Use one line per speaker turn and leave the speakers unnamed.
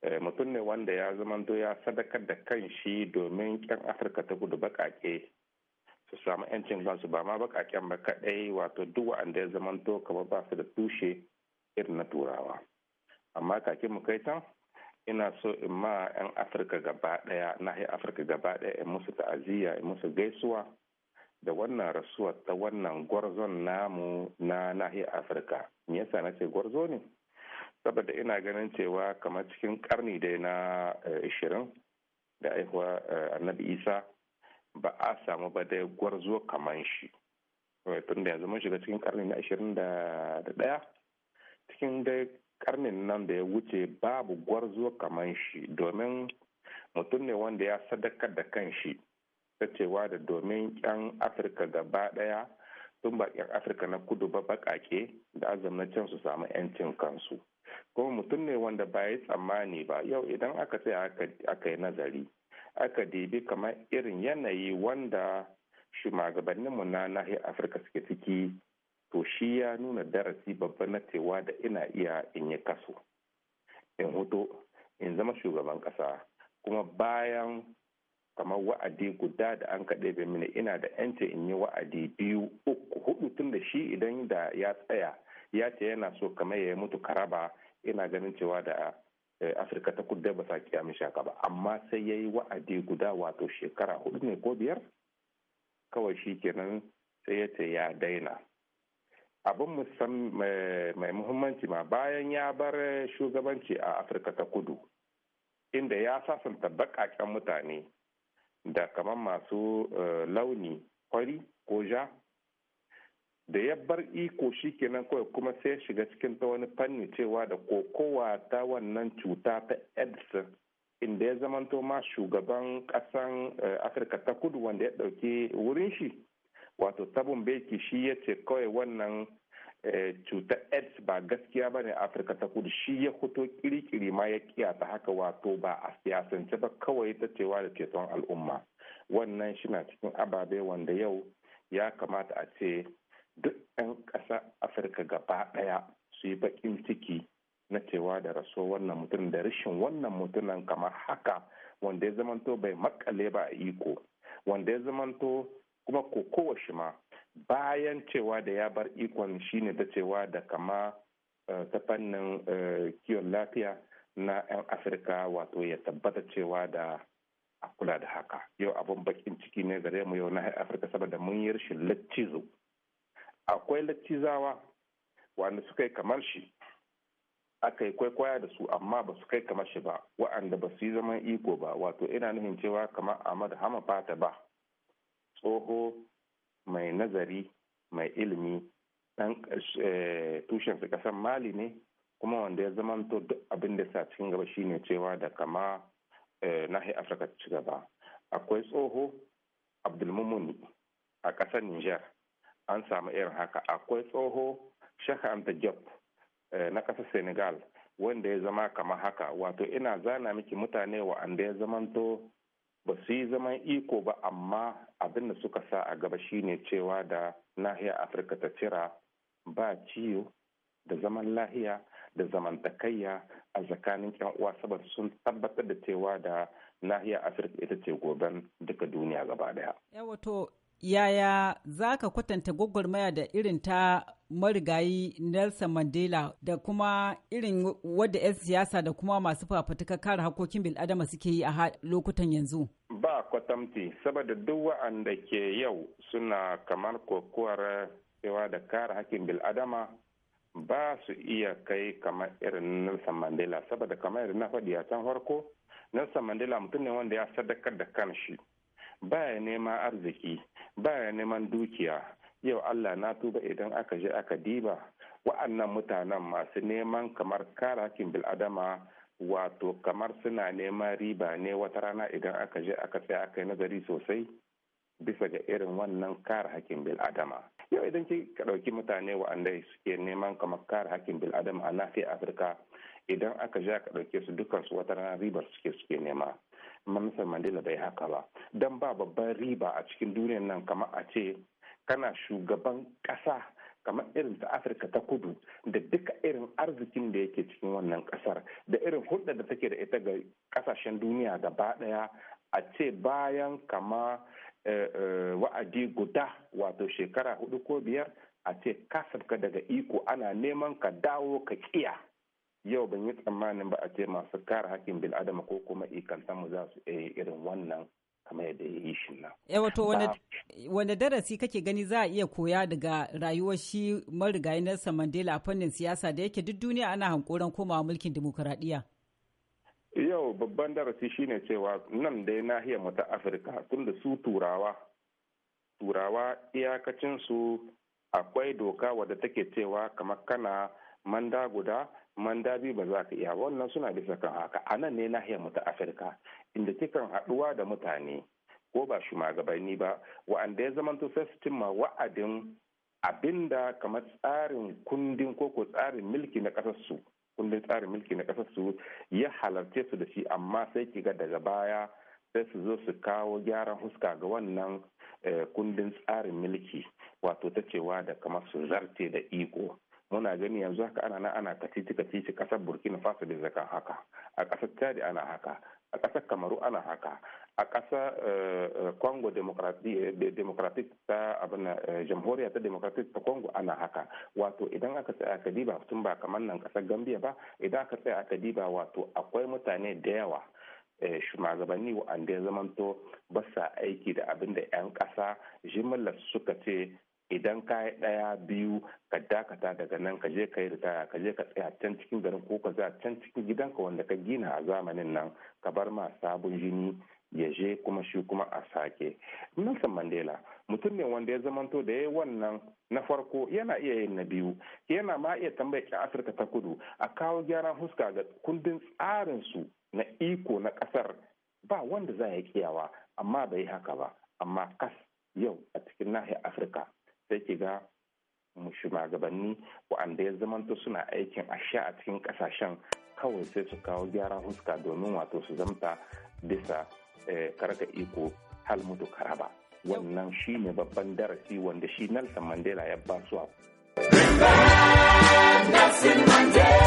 Eh, mutum ne wanda ya zamanto ya sadakar da kan shi domin kyan afirka ta gudu bakake su samu yancin kansu ba ma bakaken ba kadai wato duk wanda ya zamanto kamar ba su da tushe irin na turawa amma kakin mu kai can ina so in ma 'yan afirka gaba daya nahiyar afirka gaba daya in musu ta'aziyya in musu gaisuwa da wannan rasuwa ta wannan gwarzon namu na nahiyar afirka me yasa na ce gwarzo ne saboda ina ganin cewa kamar cikin karni dai na ashirin eh, da aihuwa eh, annabi isa ba a samu ba dai gwarzo kamar shi eh, tun da yanzu mun shiga cikin karni na ashirin da daya cikin dai karnin nan da ya wuce babu gwarzo kamar shi domin mutum ne wanda ya sadakar da kan shi ta cewa da domin yan afirka gaba daya tun ba yan afirka na kudu ba bakake da azumin can su samu yancin kansu ko mutum ne wanda ba ya tsammani ba yau idan aka tsaya aka yi nazari aka dibi kamar irin yanayi wanda mu na nahiyar afirka suke ciki to shi ya nuna darasi babba na cewa da ina iya in yi kaso in huto in zama shugaban kasa kuma bayan kama wa'adi guda da an kaɗe mini ina da yanci in yi wa'adi biyu uku hudu tun da shi idan da ya tsaya ya ce yana so kamar ya yi mutu karaba ina ganin cewa da eh, afirka ta kudu ba sa kiya mishi haka ba amma sai ya yi wa'adi guda wato shekara hudu ne ko biyar kawai shi kenan sai ya ce ya daina abin eh, mai muhimmanci ma bayan ya bar shugabanci a afirka ta kudu inda ya sasanta baƙaƙen mutane da kamar masu eh, launi kwari ko ja da ya bar iko shi kenan kawai kuma sai shiga cikin ta wani fanni cewa da kokowa ta wannan cuta ta aids inda ya zamanto ma shugaban kasan eh, afirka ta kudu wanda ya dauki wurin shi wato tabon beki shi ya ce kawai wannan eh, cuta aids ba gaskiya ba ne afirka ta kudu shi ya hoto kirikiri ma ya kiyata haka wato ba a siyasance ba kawai ta cewa da ceton al'umma wannan shi na cikin ababe wanda yau ya kamata a ce duk 'yan ƙasa afirka gaba ɗaya su yi baƙin ciki na cewa da raso wannan mutum da rashin wannan mutumin kamar haka wanda ya zamanto bai makale ba a iko wanda ya zamanto kuma ko shi ma bayan cewa da ya bar ikon shi ne da cewa da kama eh, ta fannin eh, kiwon lafiya na 'yan afirka wato ya tabbata cewa da a kula da haka yau abun bakin ciki ne gare mu yau na afirka saboda mun yi rashin lacci zuwa akwai lattizawa wanda suka yi kamar shi aka yi kwaikwaya da su amma ba su kai kamar shi ba wa'anda ba su yi zaman iko ba wato ina nuhin cewa kamar ahmad hama fata ba tsoho mai nazari mai ilimi ɗan eh, tushen su ƙasar mali ne kuma wanda ya zama to duk abin da sa cikin gaba shine cewa da kama eh, nahiyar afirka ci gaba akwai tsoho abdulmumuni a ƙasar niger an samu irin haka akwai tsoho shaka job eh, na ƙasar senegal wanda ya zama kamar haka wato ina zana miki mutane wa'anda ya zamanto ba su yi zaman iko ba amma abin da suka sa a gaba shine cewa da nahiyar afirka ta cira ba ciyo da zaman lahiya da zamantakayya a tsakanin yan uwa saboda sun tabbatar da cewa da nahiyar afirka ita ce goben duka duniya gaba daya. yawato yaya za ka kwatanta gwagwarmaya da irin ta marigayi Nelson Mandela da kuma irin wadda 'yan siyasa da kuma masu fafatuka kare hakokin bil'adama suke yi a lokutan yanzu? Ba kwatamti, saboda duk wa'anda ke yau suna kamar kokowar cewa da kare hakkin bil'adama ba su iya kai kamar irin Nelson Mandela, saboda kamar irin na faɗi a can farko, Nelson Mandela mutum ne wanda ya sadakar da kanshi. baya neman arziki baya neman dukiya yau allah na tuba idan aka je aka diba wa'annan mutanen masu neman kamar kare hakkin bil'adama wato kamar suna neman riba ne wata rana idan aka je aka tsaya aka yi nazari sosai bisa ga irin wannan kare hakkin bil'adama yau idan ki ka dauki mutane wa'anda suke neman kamar kare hakkin bil'adama a nafi afirka idan aka je aka ɗauke su dukansu wata rana ribar suke suke nema Mamsa Mandela bai haka ba. Don ba babban riba a cikin duniyar nan kamar a ce kana shugaban ƙasa kamar irin ta afirka ta kudu da duka irin arzikin da yake cikin wannan ƙasar da irin hulɗar da take da ita ga ƙasashen duniya gaba ɗaya a ce bayan kama eh, eh, wa'adi guda wato shekara hudu ko biyar a ce kasafka daga iko ana neman ka dawo ka kiya yau ban yi tsammanin ba a ce masu kare hakkin bil'adama ko kuma mu za su iya irin wannan kamar yadda ya yi shi nan. Eh, wato wanda darasi kake gani za a iya koya daga rayuwar shi marigayi Nelson Mandela a fannin siyasa da yake duk duniya ana hankoran komawa mulkin dimokuraɗiyya. Yau babban darasi shine cewa nan dai nahiyar mu ta Afirka tunda su turawa turawa iyakacinsu akwai doka wadda take cewa kamar kana manda guda mandabi ba za ka iya wannan suna bisa kan haka a nan ne nahiyar mu ta afirka inda kikan haɗuwa da mutane ko ba shugabanni ba wa'anda ya zamanto sai su cimma wa'adin abinda kamar tsarin kundin ko ko tsarin milki na kasarsu kundin tsarin milki na ƙasarsu ya halarce su da shi amma sai kiga daga baya sai su zo su kawo gyaran huska ga wannan eh, kundin tsarin milki wato ta cewa da kamar su zarte da iko muna gani yanzu haka ana nan ana kacici kacici kasar burkina faso da zakan haka a kasar chadi ana haka a kasar kamaru ana haka a kasar eh, eh, congo democratic eh, ta abin jamhuriya ta democratic ta congo ana haka wato idan aka tsaya aka diba tun ba kamar nan kasar gambia ba idan aka tsaya aka diba wato akwai mutane da yawa shugabanni wa'anda ya zamanto ba sa aiki da abin da 'yan ƙasa jimillar suka ce idan ka yi ɗaya biyu ka dakata daga nan ka je ka yi ritaya ka je ka tsaya can cikin garin ko ka za can cikin gidanka wanda ka gina a zamanin nan ka bar ma sabon jini ya je kuma shi kuma a sake nelson mandela mutum ne wanda ya zamanto da ya yi wannan na farko yana iya yin na biyu yana ma iya tambaya ki afirka ta kudu a kawo gyaran fuska ga kundin tsarin su na iko na kasar ba wanda za ya kiyawa amma bai haka ba amma kas yau a cikin nahiyar afirka shugabanni waɗanda ya zamanto suna aikin a a cikin ƙasashen kawai sai su kawo gyara huska domin wato su zamta bisa eh, karka iko hal mutu karaba wannan shi ne babban darasi wanda shi nelson mandela ya ba su a Mandela